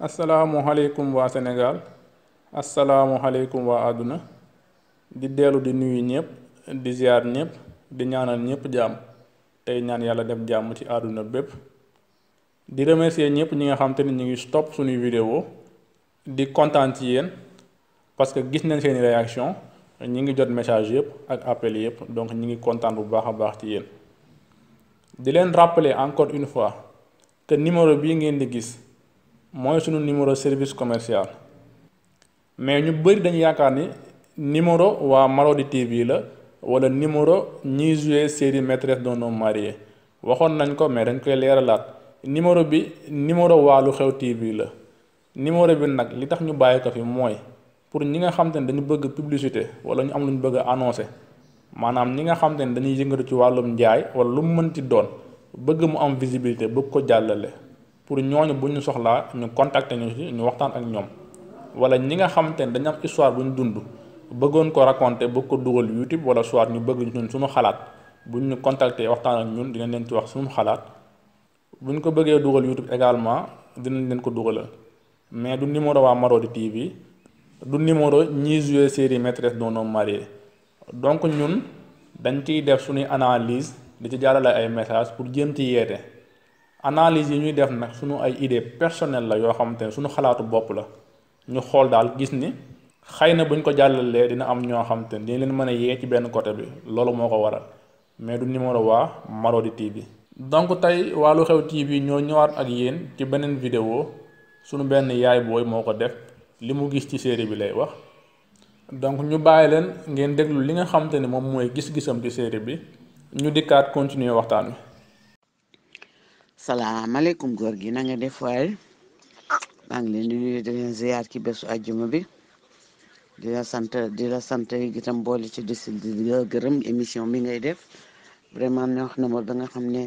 asalaamualeykum waa Sénégal asalaamualeykum waa àdduna di dellu di nuyu ñëpp di ziar ñëpp di ñaanal ñëpp jàmm tey ñaan yàlla def jàmm ci àdduna bépp di remercier ñëpp ñi nga xam te ni ñu ngi stop suñuy video di kontaan ci yéen parce que gis nañ seeni réaction ñu ngi jot message yëpp ak appel yëpp donc ñu ngi kontaan bu baax a baax ci yéen di leen rappeler encore une fois que numéro bii ngeen di gis mooy sunu numéro service commercial mais ñu bëri dañu yaakaar ni numéro waa Marodi TV la wala numéro ñiy joué série maîtresse d'un homme marié waxoon nañ ko mais dañ koy leeralaat numéro bi numéro waa Lu Xew TV la numéro bi nag li tax ñu bàyyi ko fi mooy pour ñi nga xam te ne dañu bëgg publicité wala ñu am lu ñu bëgg a maanaam ñi nga xam te ne dañuy yëngatu ci wàllum njaay wala lu mu mënti doon bëgg mu am visibilité bëgg ko jàllale. pour ñooñu bu ñu soxlaa ñu contacter ñu ci ñu waxtaan ak ñoom wala ñi nga xamante ne dañu am histoire bu ñu dund bëggoon ko raconter bëgg ko dugal YouTube wala soit ñu bëgg ñun suñu xalaat bu ñu contacter waxtaan ak ñun dinañ leen ci wax suñu xalaat bu ko bëggee dugal YouTube également dinañ leen ko dugalal mais du numéro waa Marodi TV du numéro ñi joué série maîtresse d'un homme marié donc ñun dañ ciy def suñuy analyse di ci jaarale ay message pour jéem ci yeete analyse yi ñuy def nag suñu ay idée personnel la yoo xamante ne suñu xalaatu bopp la ñu xool daal gis ni xëy na buñ ko jàllalee dina am ñoo xamante ne dina leen mën a yee ci benn côté bi loolu moo ko waral mais du numéro waa Marodi TV. donc tey waa Lu Xew TV ñoo ñëwaat ak yéen ci beneen vidéo suñu benn yaay booy moo ko def li mu gis ci série bi lay wax donc ñu bàyyi leen ngeen déglu li nga xamante ne moom mooy gis-gisam ci série bi ñu dikkaat continuer waxtaan wi. salaamaaleykum góor gi na def waaye maa ngi leen di nuyu di leen ziyaar ci bésu àjjuma bi di la sant di la sant itam boole ci disi di gërëm émission bi ngay def vraiment neex na ma ba nga xam ne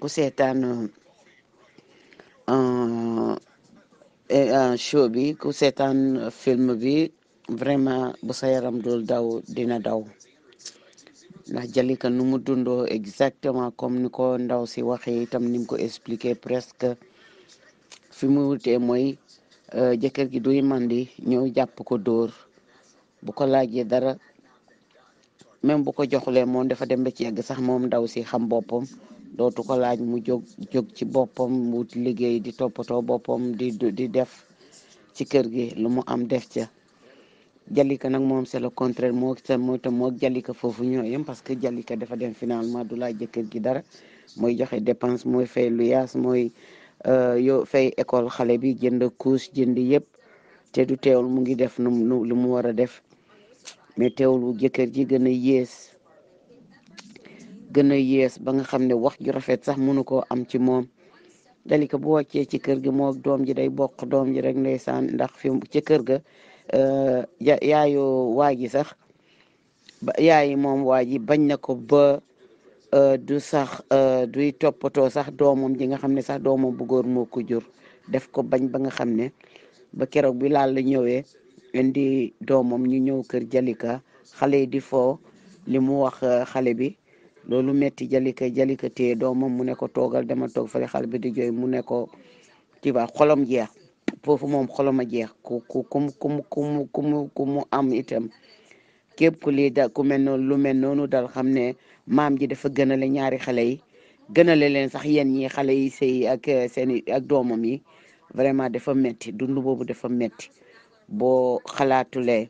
ku seetaan euh, euh, show bi ku seetaan film bi vraiment bu sa yaram dul daw dina daw ndax Jalika nu mu dundoo exactement comme nu ko ndaw si waxee itam ni ko expliqué presque fi mu wutee mooy euh, jëkkër gi duy mandi ñëw jàpp ko dóor bu ko laajee dara même bu ko joxlee moom dafa dem ba ci yegg sax moom ndaw si xam boppam dootu ko laaj mu jóg jóg ci boppam wut liggéey di toppatoo boppam di di def ci kër gi lu mu am def ca Jalika nag moom c'est le contraire moo tam moo tam moo Jalika foofu ñoo yem parce que Jalika dafa dem finalement du laaj jëkkër gi dara mooy joxe dépense mooy fay luyaas mooy euh, yo fay école xale bi jënd couche jënd yëpp te du teewul mu ngi def nu mu lu mu war a def mais teewul bu jëkkër gi gën a yées gën a yées ba nga xam ne wax ju rafet sax mënu koo am ci moom Jalika boo wàccee ci kër gi moo doom ji day bokk doom ji rek ndeysaan ndax fi ci kër ga. Eh, yaayu waa ji sax yaayi moom waa ji bañ na ko ba eh, du sax eh, duy toppatoo sax doomam ji nga xam ne sax doomam bu góor moo ko def ko bañ ba nga xam ne ba keroog bi laal la ñëwee indi doomam ñu ñëw kër Jalika xale yi di foo li mu wax xale bi loolu metti Jalika Jalika téye doomam mu nekko ko toogal dama toog fële xale bi di jooy mu ne ko ci ba jeex foofu moom xoloma jeex ku ku ku mu ku mu ku mu am itam képp ku lii da ku mel noonu lu mel noonu dal xam ne maam ji dafa gënale ñaari xale yi gënale leen sax yéen ñi xale yi sëy ak eh, seen ak doomam yi vraiment dafa metti dund boobu dafa metti boo xalaatulee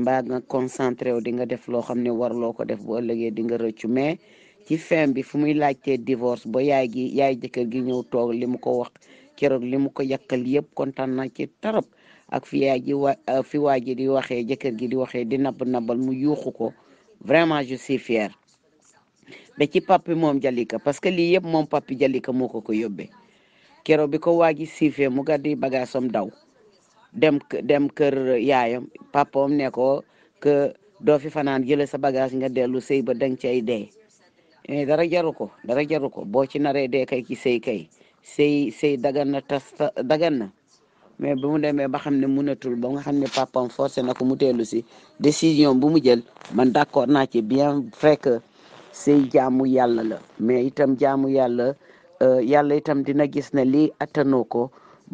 mbaa nga concentré wu di nga def loo xam ne warloo ko def bu ëllëgee di nga rëccu mais ci fin bi fu muy laajtee divorce ba yaay gi yaay jëkkër gi ñëw toog li mu ko wax keroog li mu ko yàkkal yëpp kontaan na ci tarap ak fi yaay ji euh, ji di waxee jëkkër gi di waxee di nabb nabal mu yuuxu ko vraiment ju suis fier ba ci papi moom Jalika parce que lii yëpp moom papi Jalika moo ko ko yóbbee keroog bi ko waa ji siifee mu gàddi bagaasom daw dem dem kër yaayam papam ne ko doo fi fanaan jële sa bagage nga dellu sëy ba dang cay dee eh, dara jaru ko dara jaru ko boo ci naree dee kay ci sëy kay sëy sëy dagan na tas dagan na mais bu mu demee ba xam ne mënatul ba nga xam ne papam forcé na ko mu teelu décision bu mu jël man d'accord naa ci bien vrai que sëy jaamu yàlla la mais itam jaamu yàlla euh, yàlla itam dina gis ne lii attanoo ko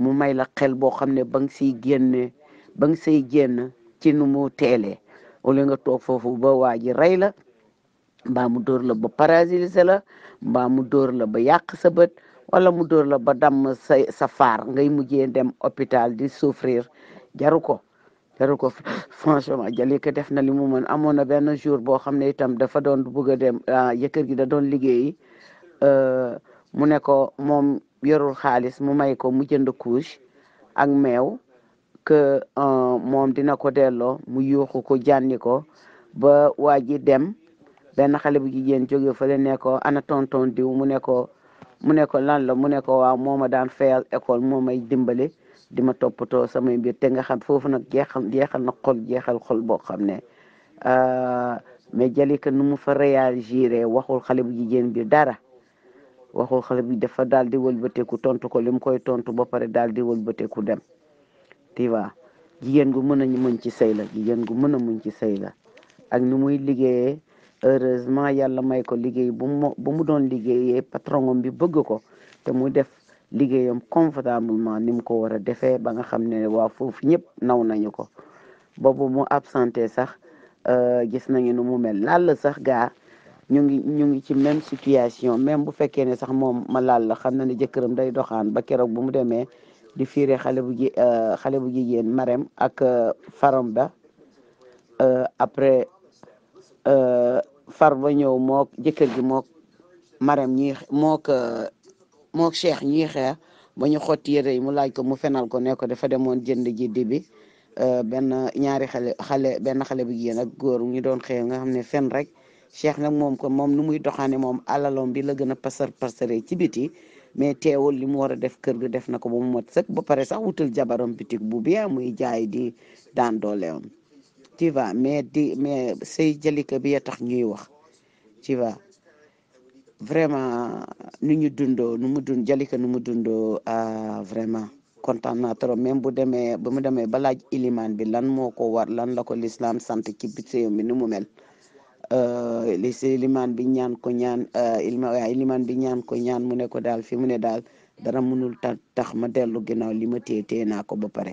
mu may la xel boo xam ne ba nga siy génne ba nga siy génn ci nu mu teelee wala nga toog foofu ba waa ji rey la mbaa mu dóor la ba paralysé la mbaa mu dóor la ba yàq sa wala mu dóor la ba damm sa sa faar ngay mujjee dem hôpital di souffrir jaru ko jaru ko franchement def na li mu mën amoon a benn jour boo xam ne itam dafa doon bëgg a dem jëkkër ah, gi da doon liggéeyi euh, mu ne ko moom yorul xaalis mu may ko mu jënd couche ak meew que euh, moom dina ko delloo mu yuuxu ko jànni ko ba waa ji dem benn xale bu jigéen jóge fële ne ko ana tonton diw mu ne ko mu ne ko lan la mu ne ko waaw moo ma daan fayal école moo may dimbale di ma toppatoo samay mbir te nga xam foofu nag jeexal jeexal na xol jeexal xol boo xam ne euh, mais Jalika nu mu fa réagir waxul xale bu jigéen bi dara waxul xale bi dafa daal di wëlbateeku tontu ko li mu koy tontu ba pare daal di wëlbateeku dem tu vois jigéen gu mën a muñ ci sëy la jigéen gu mën a muñ ci sëy ak ni muy heureusement yàlla may ko liggéey bu mu bu mu doon liggéeyee patron bi bëgg ko te mu def liggéeyam confortablement ni mu ko war a defee ba nga xam ne waa foofu ñëpp naw nañu ko boobu mu absenté sax euh, gis nañu nu mu mel lalla sax gaa ñu ngi ñu ngi ci même situation même bu fekkee ne sax moom ma lalla xam na ne jëkkëram day doxaan ba keroog bu mu demee di fiire xale bu ji euh, xale bu jigéen marem ak euh, faram ba après far ba ñëw mook jëkkër gi mook maram ñi mook mook cheikh ñii xeex ba ñu xotti yére yi mu laaj ko mu fenal ko ne ko dafa demoon jënd ji di euh, benn ñaari xale xale benn xale bi jigéen ak góor ñu doon xëy nga xam ne fen rek cheikh nag moom ko moom nu muy doxaane moom alalom bi la gën a pasar pasare ci biti mais teewul li mu war a def kër gi def na ko ba mu mot sëkk ba pare sax wutal jabarom biti bu bien muy jaay di daan dooleem tu vois mais di mais sëy jalika bi ya tax ñuy wax tu vois vraiment nu ñu dundoo nu mu dund jalika nu mu dundoo ah, vraiment kontaan naa trop même bu demee ba mu demee ba laaj bi lan moo ko war lan la ko lislaam sant ci biir bi nu mu mel euh, li si ilimaan bi ñaan ko ñaan euh, ilimaan bi ñaan ko ñaan mu ne ko daal fi mu ne daal dara mënul tax ma dellu ginnaaw li ma téye téye naa ko ba pare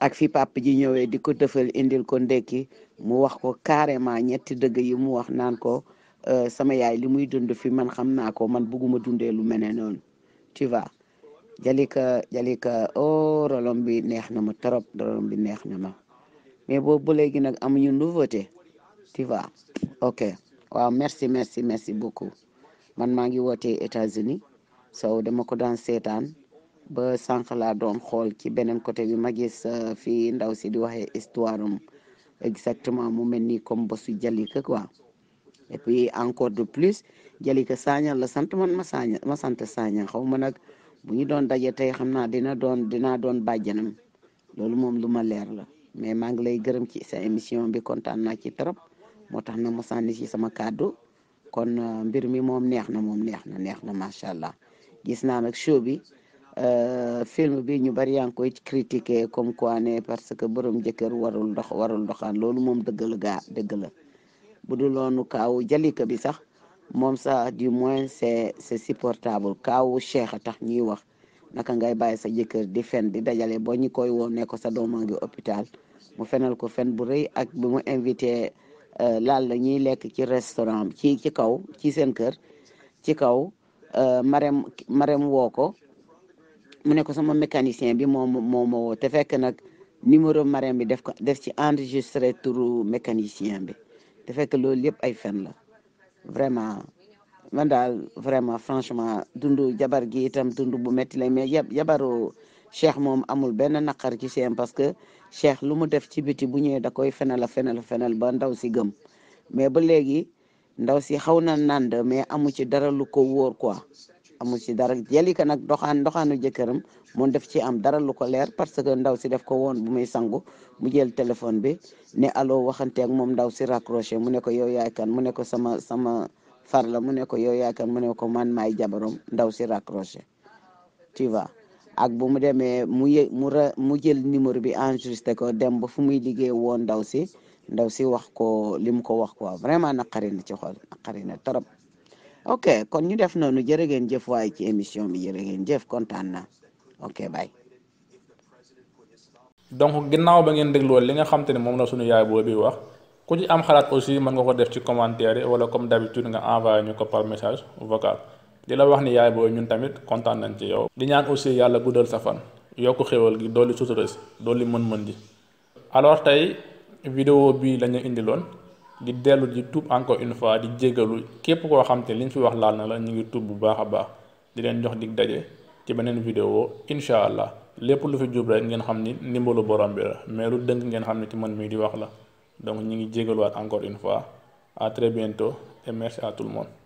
ak fi papa ji ñëwee di ko tëfal indil ko ndekki mu wax ko carrément ñetti dëgg yi mu wax naan ko euh, sama yaay li muy dund fi man xam naa ko man bugguma dundee lu mel ne noonu tu vois jalika jalika oh bi neex na ma trop rolom bi neex na ma mais boobu ba léegi nag amuñu nouveauté tu vois ok waaw merci merci merci beaucoup man maa ngi wootee États-Unis so dama ko daan seetaan ba sànq laa doon xool ci beneen côté bi ma gis euh, fii ndaw si di waxee histoire am mu mel ni comme bosu Jalika quoi et encore de plus Jalika Sagnal la sant man ma Saña ma sant Saña xaw ma nag bu ñu doon daje tey xam naa dina doon dinaa doon bàjjanam loolu moom lu ma leer la mais maa ngi lay gërëm ci sa émission bi kontaan naa ci trop moo tax na ma sànni ci sama kàddu kon euh, mbir mi moom neex na moom neex na neex na macha allah gis naa nag show Euh, film bi ñu bari yaa ngi koy critiquer comme quoi ne parce que borom jëkkër warul ndox warul ndoxaan loolu moom dëgg la dëgg la bu dul loonu kaawu jalika bi sax moom sax du moins c'est c'est supportable kaawu cheikh tax ñuy wax naka ngay bàyyi sa jëkkër di fen di dajale boo ñu koy woo ne ko sa doom a ngi hôpital mu fenal ko fen bu rëy ak bu mu invité euh, laal la ñuy lekk ci restaurant ci ci kaw ci seen kër ci kaw euh, marem marem woo ko mu ne ko sama mécanicien bi moo moo ma te fekk nag numéro marraine bi def ko def ci enregistré tour mécanicien bi te fekk loolu yëpp ay fen la vraiment man daal vraiment franchement dundu jabar gi itam dundu bu métti lay mais yab jabaru cheikh moom amul benn naqar ci seen parce que cheikh lu mu def ci biti bu ñëwee da koy fenal a fenal a fenal ba ndaw si gëm mais ba léegi ndaw si xaw na nànd mais amu ci dara lu ko wóor quoi amul ci dara yalika nag doxaan doxaanu jëkkëram mu def ci am dara lu ko leer parce que ndaw si def ko woon bu muy sangu mu jël téléphone bi ne allo waxanteek ak moom ndaw si raccroché mu ne ko yow yaay kan mu ne ko sama sama far la mu ne yow yaay kan mu ne ko man maay jabarom ndaw si raccroché tu ak bu mu demee mu yë mu ra mu jël numéro bi enregistré ko dem ba fu muy liggéey woon ndaw si ndaw si wax ko li mu ko wax quoi vraiment naqari na ci xool naqari na trop ok kon ñu def na jërë ngeen jëf waaye ci émission bi jërë ngeen jëf kontaan na ok bye. donc ginnaaw ba ngeen dégluwoon li nga xam ne moom la sunu yaay boobu wax ku ci am xalaat aussi mën nga ko def ci commentaire wala comme d'habitude nga envoyé ñu ko par message vocal di la wax ni yaay boobu ñun tamit kontaan nañ ci yow. di ñaan aussi yàlla guddal sa fan yokk xéwal gi dolli sutura si dolli mën-mën ji alors tey vidéo bii la ñu indiloon. di dellu di tuub encore une fois di jégalu képp koo xam te liñ fi wax laal na la ñu ngi tuub bu baax a baax di leen jox dig daje ci beneen vidéo incha allah lépp lu fi jub rek ngeen xam ni ndimbalu borom bi la mais lu dënk ngeen xam ne ci man mii di wax la donc ñu ngi jégaluwaat encore une fois à très bientôt merci atul moom